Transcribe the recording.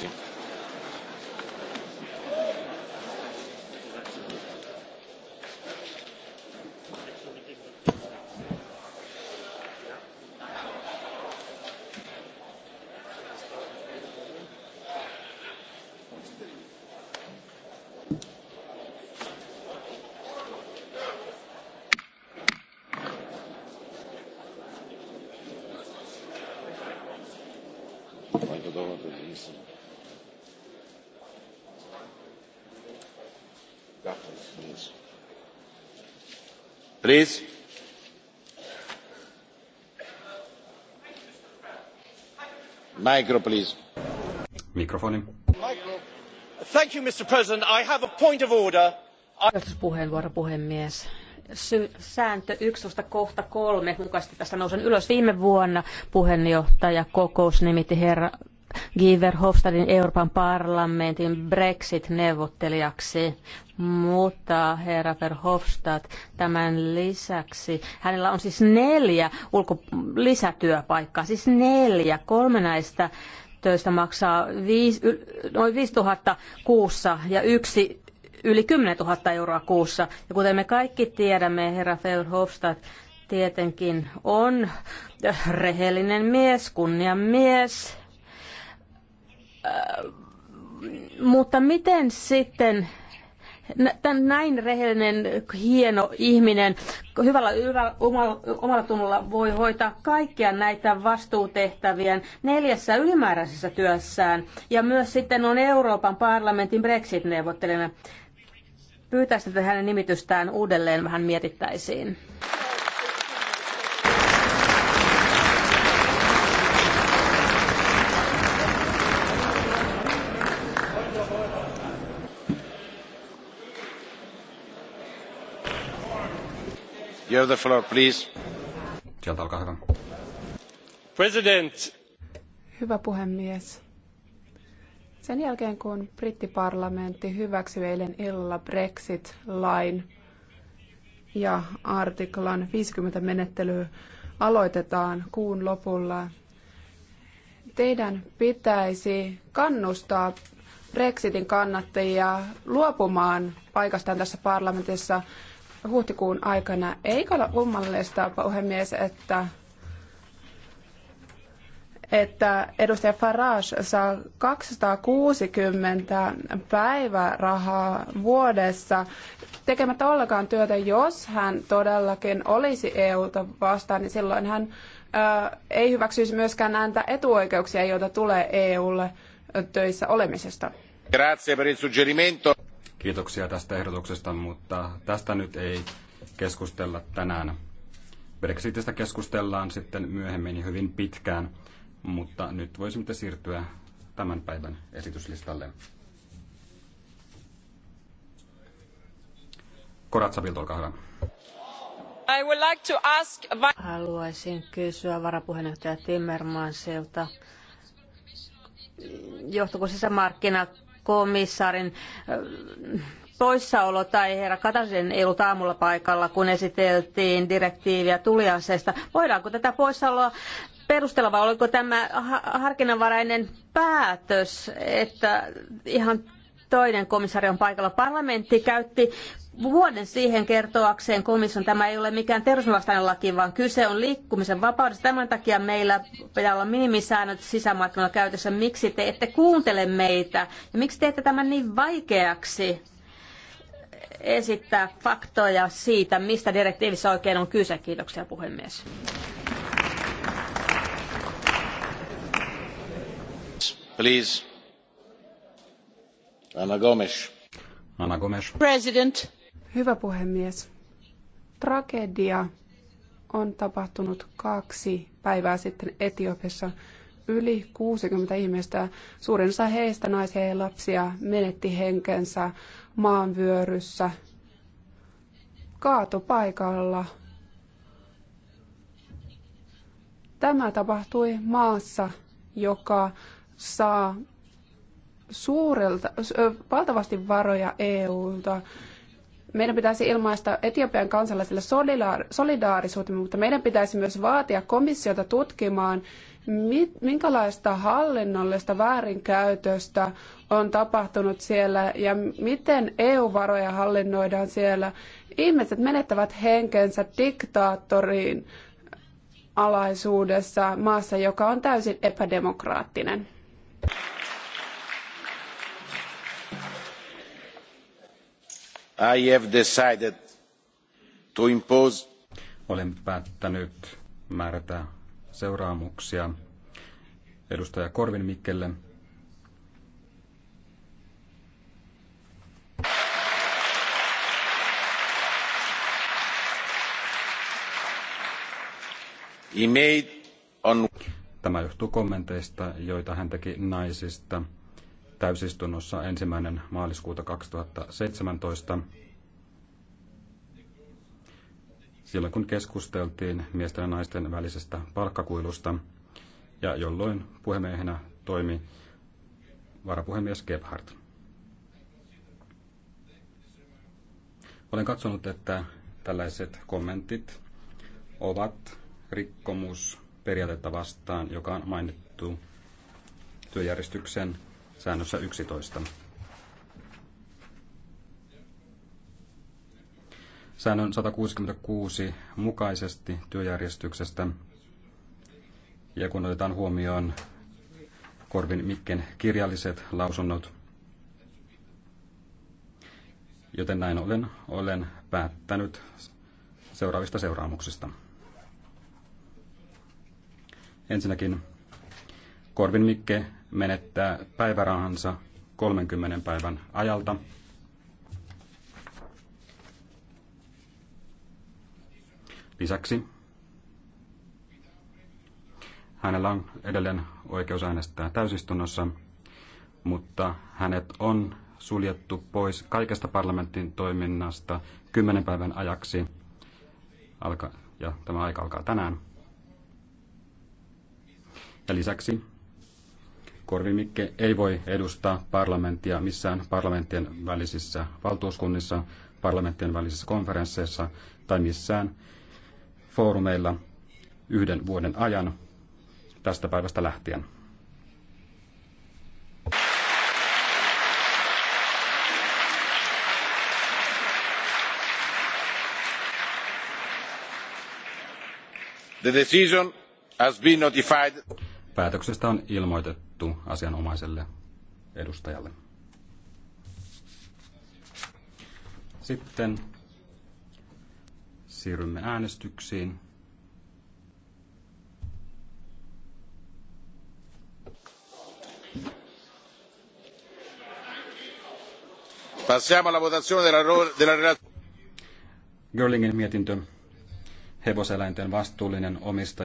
Grazie. please. please. Thank you, Mr. President. I have a point of order. Puheenvuoro, puhemies sääntö yksitoista kohta kolme mukaisesti tästä nousen ylös. Viime vuonna puheenjohtajakokous nimitti herra Guy Verhofstadtin Euroopan parlamentin Brexit-neuvottelijaksi, mutta herra Verhofstadt tämän lisäksi, hänellä on siis neljä ulko- lisätyöpaikkaa, siis neljä, kolme näistä töistä maksaa viisi, noin 5000 kuussa ja yksi yli 10 000 euroa kuussa. Ja kuten me kaikki tiedämme, herra Verhofstadt tietenkin on rehellinen mies, kunnian mies, mutta miten sitten tämän näin rehellinen, hieno ihminen hyvällä, hyvällä omalla, omalla tunnolla voi hoitaa kaikkia näitä vastuutehtäviä neljässä ylimääräisessä työssään. Ja myös sitten on Euroopan parlamentin Brexit-neuvottelijana. Pyytäisin, että hänen nimitystään uudelleen vähän mietittäisiin. arvoisa puhemies. Sen jälkeen, kun brittiparlamentti hyväksyi eilen illalla Brexit-lain ja artiklan 50 menettely aloitetaan kuun lopulla, teidän pitäisi kannustaa Brexitin kannattajia luopumaan paikastaan tässä parlamentissa huhtikuun aikana. Eikä ole kummallista, puhemies, että, että edustaja Farage saa 260 päivärahaa vuodessa tekemättä ollenkaan työtä. Jos hän todellakin olisi EUta vastaan, niin silloin hän ää, ei hyväksyisi myöskään näitä etuoikeuksia, joita tulee EUlle töissä olemisesta. Grazie per il suggerimento. Kiitoksia tästä ehdotuksesta, mutta tästä nyt ei keskustella tänään. Brexitistä keskustellaan sitten myöhemmin hyvin pitkään, mutta nyt voisimme siirtyä tämän päivän esityslistalle. Koratsavilta, olkaa hyvä. I would like to ask... Haluaisin kysyä varapuheenjohtaja Timmermansilta, johtuuko sisämarkkinat komissaarin poissaolo tai herra Kataisen ei ollut aamulla paikalla, kun esiteltiin direktiiviä tuliaseista. Voidaanko tätä poissaoloa perustella vai oliko tämä harkinnanvarainen päätös, että ihan toinen komissaari on paikalla. Parlamentti käytti vuoden siihen kertoakseen komission. Tämä ei ole mikään terrorismivastainen laki, vaan kyse on liikkumisen vapaudesta. Tämän takia meillä pitää olla minimisäännöt sisämarkkinoilla käytössä. Miksi te ette kuuntele meitä ja miksi teette tämän niin vaikeaksi? esittää faktoja siitä, mistä direktiivissä oikein on kyse. Kiitoksia puhemies. Please. Anna Gomes. Anna Gomes. President Hyvä puhemies. Tragedia on tapahtunut kaksi päivää sitten Etiopiassa. Yli 60 ihmistä, suurin osa heistä, naisia ja lapsia, menetti henkensä maanvyöryssä kaatopaikalla. Tämä tapahtui maassa, joka saa suurelta, valtavasti varoja EUlta meidän pitäisi ilmaista Etiopian kansalaisille solidaarisuutemme, mutta meidän pitäisi myös vaatia komissiota tutkimaan, minkälaista hallinnollista väärinkäytöstä on tapahtunut siellä ja miten EU-varoja hallinnoidaan siellä. Ihmiset menettävät henkensä diktaattoriin alaisuudessa maassa, joka on täysin epädemokraattinen. I have decided to impose... Olen päättänyt määrätä seuraamuksia edustaja Korvin Mikkelle. On... Tämä johtuu kommenteista, joita hän teki naisista täysistunnossa ensimmäinen maaliskuuta 2017 silloin kun keskusteltiin miesten ja naisten välisestä palkkakuilusta ja jolloin puhemiehenä toimi varapuhemies Gebhardt. Olen katsonut, että tällaiset kommentit ovat rikkomus periaatetta vastaan, joka on mainittu työjärjestyksen säännössä 11. Säännön 166 mukaisesti työjärjestyksestä ja kun otetaan huomioon Korvin Mikken kirjalliset lausunnot, joten näin ollen olen päättänyt seuraavista seuraamuksista. Ensinnäkin Korvin Mikke menettää päivärahansa 30 päivän ajalta. Lisäksi hänellä on edelleen oikeus äänestää täysistunnossa, mutta hänet on suljettu pois kaikesta parlamentin toiminnasta kymmenen päivän ajaksi, alka, ja tämä aika alkaa tänään. Ja lisäksi Korvimikke ei voi edustaa parlamenttia missään parlamenttien välisissä valtuuskunnissa, parlamenttien välisissä konferensseissa tai missään foorumeilla yhden vuoden ajan tästä päivästä lähtien. The decision has been notified. Päätöksestä on ilmoitettu toimitettu asianomaiselle edustajalle. Sitten siirrymme äänestyksiin. Passiamo alla votazione della, della Görlingin mietintö hevoseläinten vastuullinen omistaja